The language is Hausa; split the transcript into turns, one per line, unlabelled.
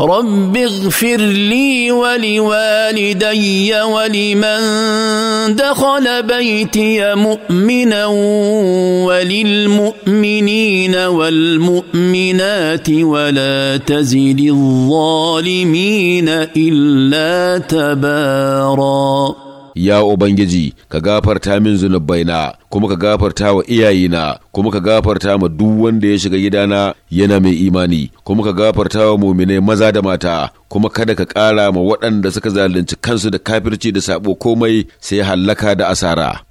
رب اغفر لي ولوالدي ولمن دخل بيتي مؤمنا وللمؤمنين والمؤمنات ولا تزد الظالمين الا تباراً
ya Ubangiji ka gafarta min zunubaina kuma ka gafarta wa iyayena kuma ka gafarta ma duk wanda ya shiga gidana yana mai imani kuma ka gafarta wa muminai maza da mata kuma kada ka ƙara ma waɗanda suka zalunci kansu da kafirci da sabo komai
sai hallaka da asara